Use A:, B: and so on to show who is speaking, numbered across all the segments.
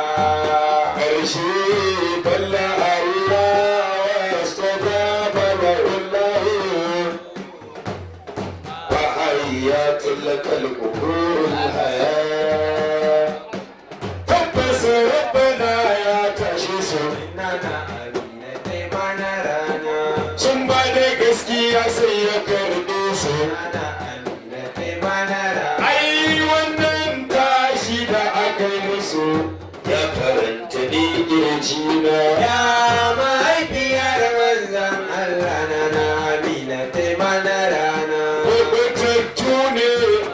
A: Ah, é isso. jina ya mahaifiyar manzan Allah na na amina taimana rana kubutattu ne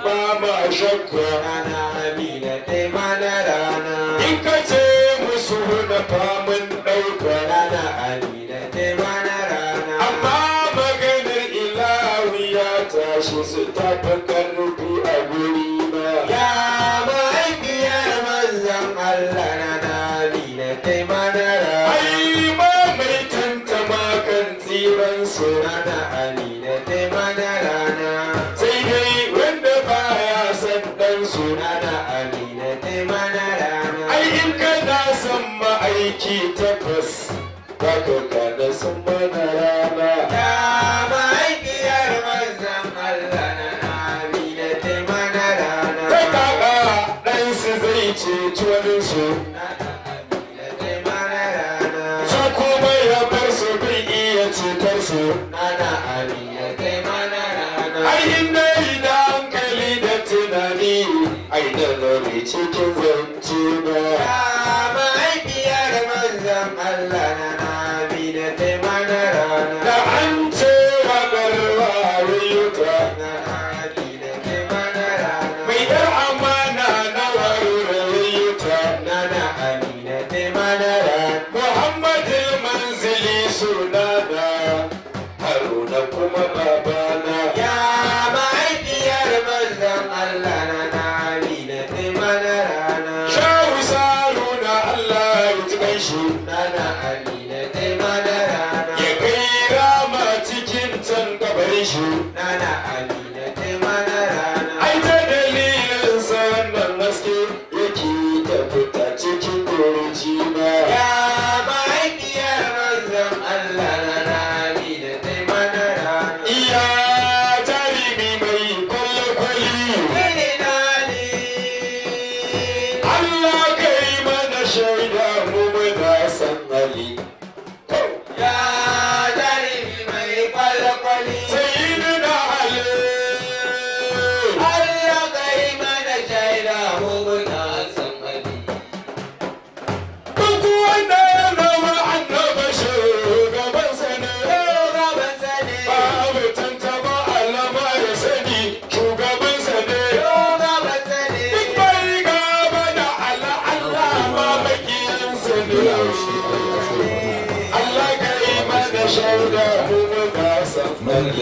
A: ba ma shakka na amina taimana rana in ka ce musu na famin ɗauka na amina taimana rana amma maganar ilawi ya tashi su tafi karnu aiki tabbas daga gane sun mana rana ta na da ta mana rana ta zai ceci wani ya bar su su nana da rana ainihin da hankali da tunani ainihin da mai cikin zance na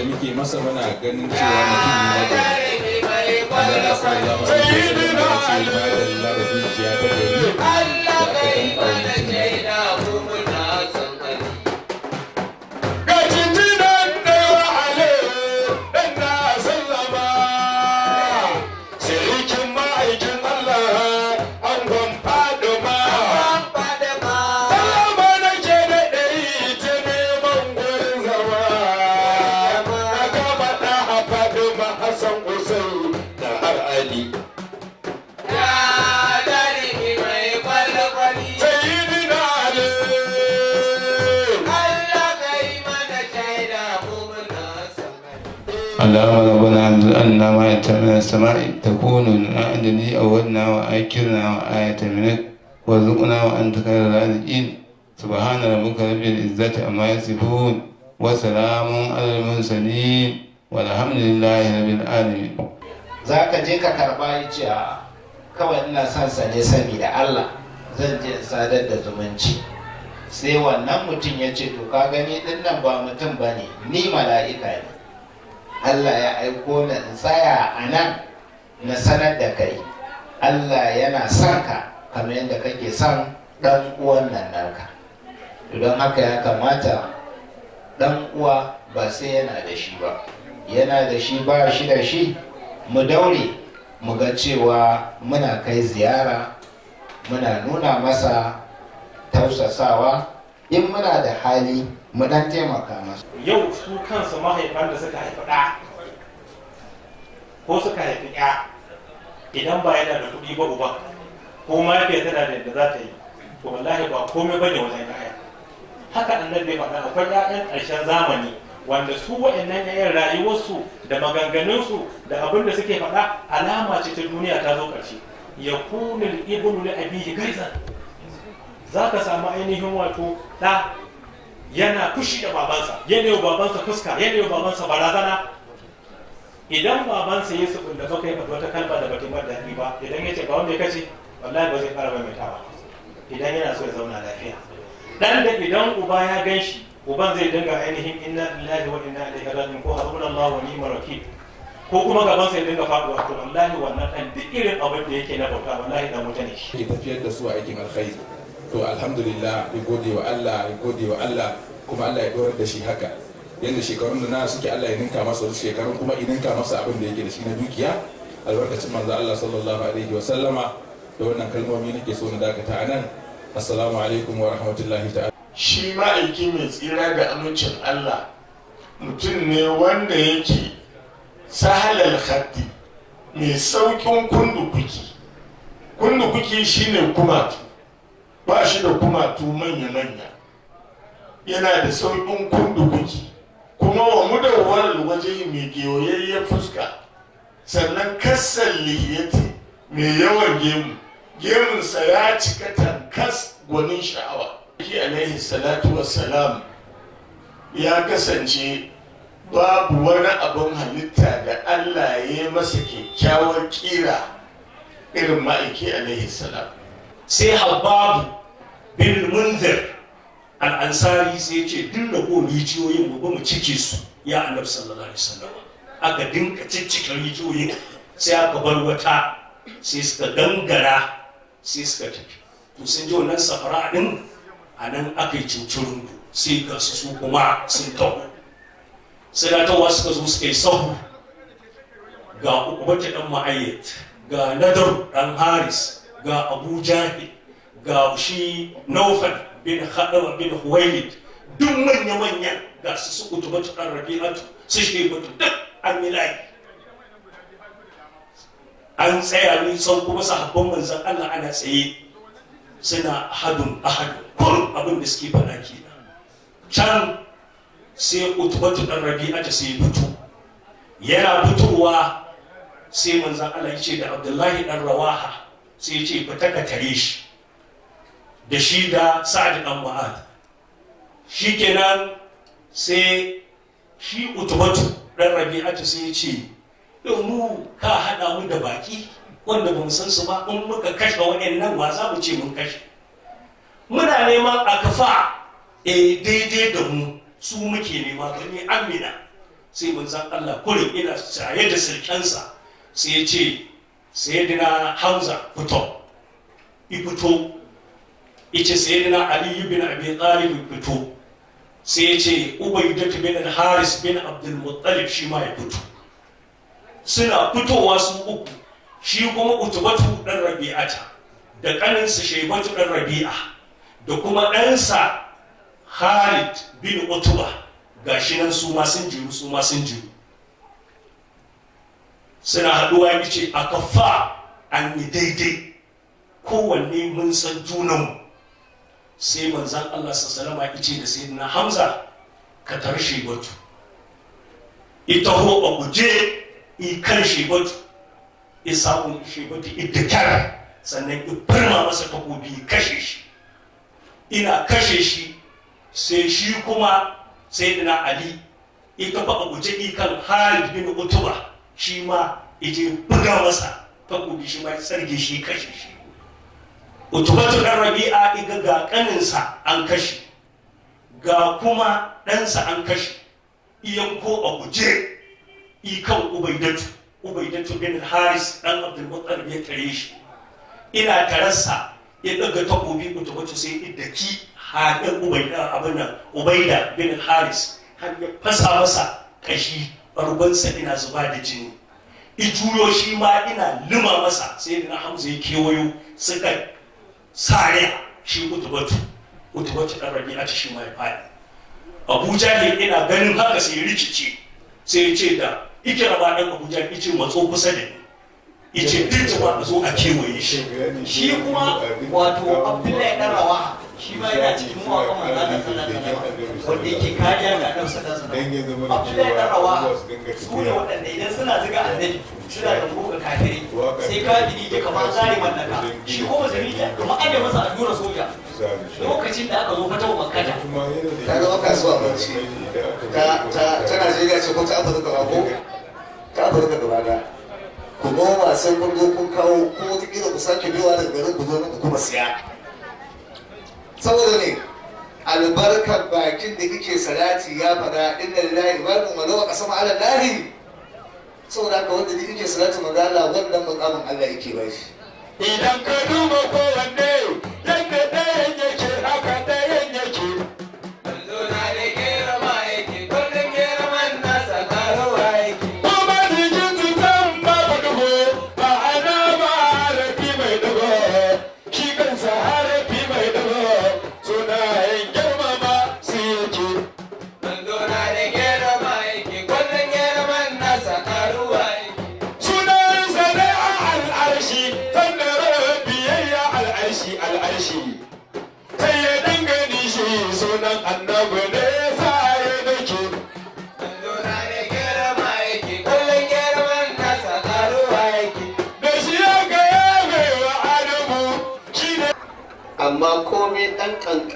B: da muke masa muna ganin cewa mutum ne na da Allah ya da Allah ya ce ma da
A: Allah da dukiya ta gari da aka tanfa mutum
C: alama na bana an nama ya ta mana sama ta kuno na an a wannan wa a kirna wa a ya ta mana wa zuƙuna wa an ta kare razikin subhana da muka rabe da izzati a ma ya sifu wa salamun alamun sani wa alhamdulillah ya rabe alamin. za ka je ka karba ya kawai ina son sane sami da allah zan je sadar da zumunci sai wannan mutum ya ce to ka gani ɗin nan ba mutum ba ne ni mala'ika ne Allah ya aiko na tsaya a nan na sanar da kai Allah yana son ka kamar yadda kake son ɗan uwan nan naka don haka ya kamata ɗan uwa ba sai yana da shi ba yana da shi ba shi da shi mu daure mu ga cewa muna kai ziyara muna nuna masa tausasawa in muna da hali mu dan taimaka masu
D: yau su kansu mahaifan da suka haifi ɗa ko suka haifi ya idan ba yana da kuɗi ba uba ko ma yake tana da yadda za ta yi to wallahi ba komai ba ne wajen ƴaƴa haka annabi faɗa akwai ƴaƴan ƙarshen zamani wanda su waɗannan ƴaƴan rayuwarsu da maganganunsu da abin da suke faɗa alama ce ta duniya ta zo ƙarshe ya kunil ibnu li abihi Za ka samu ainihin wato ɗa yana fushi da babansa yana yi babansa fuska yana yi babansa barazana idan babansa ya sukun da baka yi fata wata kalma da bata mar daɗi ba idan ya ce ba wanda ya kace wallahi ba zai fara maimaita ba idan yana so ya zauna lafiya dan da idan uba ya gan shi uban zai dinga ainihin inna lillahi wa inna ilaihi raji'un ko hasbunallahu wa ni'mal wakil ko kuma gaban sai dinga faduwa
C: to wallahi wannan dan duk irin abin da yake na bauta wallahi dan wuta ne shi tafiyar da su a aikin alkhairi to alhamdulillah ya gode wa Allah ya gode wa Allah kuma Allah ya dorar da shi haka yadda shekarun da na suke Allah ya ninka masa wasu shekarun kuma ya ninka masa abin da yake da shi na dukiya albarkacin manzo Allah sallallahu alaihi wa sallama da wannan kalmomi nake so na dakata a nan assalamu alaikum wa rahmatullahi ta'ala shi aiki mai tsira ga amincin Allah mutum ne wanda yake sahalal khatti mai saukin kundukuki kundukuki shine kuma. ba shi da kumatu manya-manya yana da sauƙin
D: kundukuki kuma wa mudawar waje mai gewayayyar fuska sannan kassan liyati mai yawan gemu gemunsa ya cika tankas gwanin sha'awa Ki alaihi salatu wassalam ya kasance babu wani abin halitta da Allah ya masa kyakkyawar kira irin ma'aiki alaihi salam sai habbabu bin munzir al'ansari sai ce duk ko rijiyoyin mu mu cike su ya annabi sallallahu alaihi wasallam aka dinka cikin rijiyoyin sai aka bar wata sai suka gangara sai suka tafi to sun ji wannan safara din a nan aka yi cincirin sai ga su su kuma sun tawo sai da tawa suka zo suka yi sahu ga uku dan ma'ayyat ga nadar dan haris ga abu jahil ga shi naufal bin haɗawa bin huwailid duk manya-manyan ga su su kutu batu an rabi'atu su shi mutu duk an layi. an tsaya ni san kuma sahabban manzan Allah ana tsaye suna hadun ahadun kurum abin da suke faɗa kenan can sai utubatu dan rabi'a ta sai fito yana fitowa sai manzan Allah ya ce da Abdullahi dan Rawaha sai ce ba ka tare shi da shi da sa'ad dan mu'ad shikenan sai shi utubatu dan rabi'atu sai ce mu ka hada mu da baki wanda mu san su ba in muka kashe waɗannan wa za mu ce mun kashe muna neman a kafa e daidai da mu su muke nema gani amina sai manzan Allah kurin ina saye da sirkensa sai ya ce sayyidina hamza fito i fito ice sayyidina ali bin abi talib fito sai ya ce ubaidat bin haris bin abdul muttalib shi ma ya fito suna fitowa su uku shi kuma utubatu dan rabi'ata da kaninsa shaibatu dan rabi'a da kuma ɗansa Khalid bin Utuba gashi nan su ma sun jiru su ma sun jiru suna haɗuwa ya ce a kafa an yi daidai kowanne mun san junanmu sai manzan Allah sassalama ya ce da sai na hamza ka tar shebatu ita ho a guje i kan shebatu i samu shebatu iddakar sannan i firma masa takobi kashe shi ina kashe shi sai shi kuma sai ali ita ba a guje i kan na bin utuba shi ma ije buga masa takobi shi ma sarge shi kashe shi utubatu dan rabi'a iga ga kaninsa an kashe ga kuma ɗansa an kashe iya ko a guje ikan ubaidatu ubaidatu bin haris dan abdul muttalib ya tare shi ina tararsa ya daga takobi utubatu sai idaki haɗin ubaida abin nan ubaida bin haris har ya fasa masa kashi sa ina zuba da jini ijuro shi ma ina lima masa sai da na hamza ya kewayo suka sare shi utubatu utubatu dan rabi a shi mai abuja ne ina ganin haka sai rikici sai ce da ike raba dan abuja ice matso kusa da ni ice dinta a zo a kewaye shi shi kuma wato abdullahi dan rawa shi ma yana cikin mawaƙan manzana sallallahu wanda yake kariya ga ɗan sallallahu alaihi wasallam abdullahi
C: dan rawa su ne waɗanda idan suna zuga annabi suna da buga kafiri sai ka kafiri ya kamar zare mallaka shi ko musulmi
D: ya kamar aje masa allura soja
C: lokacin da aka zo fata wa makkata ta zama kasuwa bacci ta najeriya ce ko ta afirka ba ko ta afirka gaba da kuma wasan gwamnati kun kawo ko wata kila ku sake biyowa daga garin ku zo ku kuma siya saboda ne albarkar bakin da kike salati ya fada inna lillahi wa inna ilaihi raji'un wa ala lahi saboda ka wanda kike salati manzo Allah wannan mukamin Allah yake ba idan ka duba ko wanne yadda
B: da yake haka da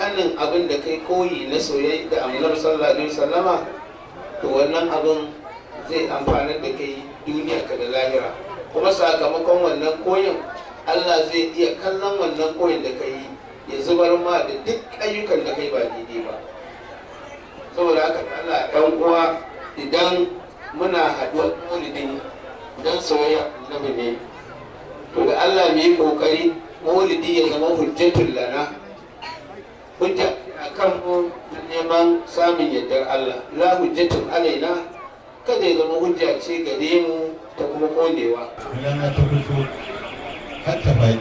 C: kanin abin da kai koyi na soyayya da annabi sallallahu alaihi wasallama to wannan abin zai amfana da kai duniya ka da lahira kuma sakamakon wannan koyin Allah zai iya kallon wannan koyin da kai ya zubar ma da duk ayyukan da kai ba daidai ba saboda haka Allah dan uwa idan muna haɗuwar maulidin don soyayya annabi ne to da Allah mu yi kokari maulidi ya zama hujjatul lana hujja a kan mu neman samun yardar Allah la hujjatun alaina kada ya zama hujja ce gare mu ta kuma kodewa rana ta fito har ta bai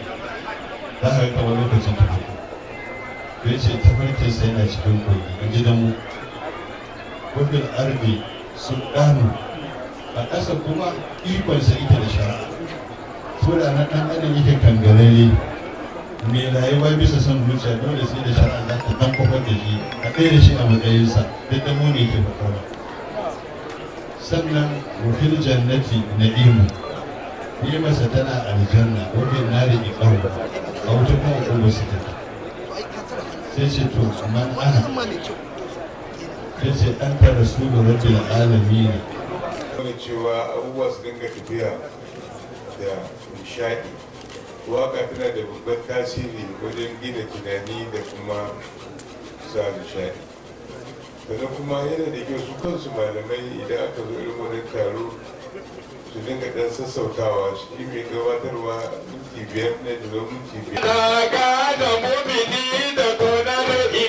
C: za a rika wani lokacin ta fito ya ce tafarkin sai na cikin kogi in ji mu wabil arbi ɗanu. a ƙasa kuma ikonsa ita da shara'a. so na ɗan adam yake kangarare Me mai rayuwa bisa son zuciya dole sai da shari'a za ta dan kofar da shi a ɗaya da shi a matsayinsa duk da mu ne ke faɗa sannan wafil jannati na'imu ni'imarsa tana aljanna na nari iqamu a wuta kuma kuma su ta sai ce to man ana sai ce an ta rasulun rabbil alamin ne cewa abubuwa su dinga tafiya da nishaɗi waka tana da babban tasiri wajen gina tunani da kuma sa nishadi sannan kuma yana da kyau su kansu malamai idan aka zo irin wani taro su dinga dan sassautawa shi mai gabatarwa minti biyar na da minti biyar. Daga da
B: ni da mai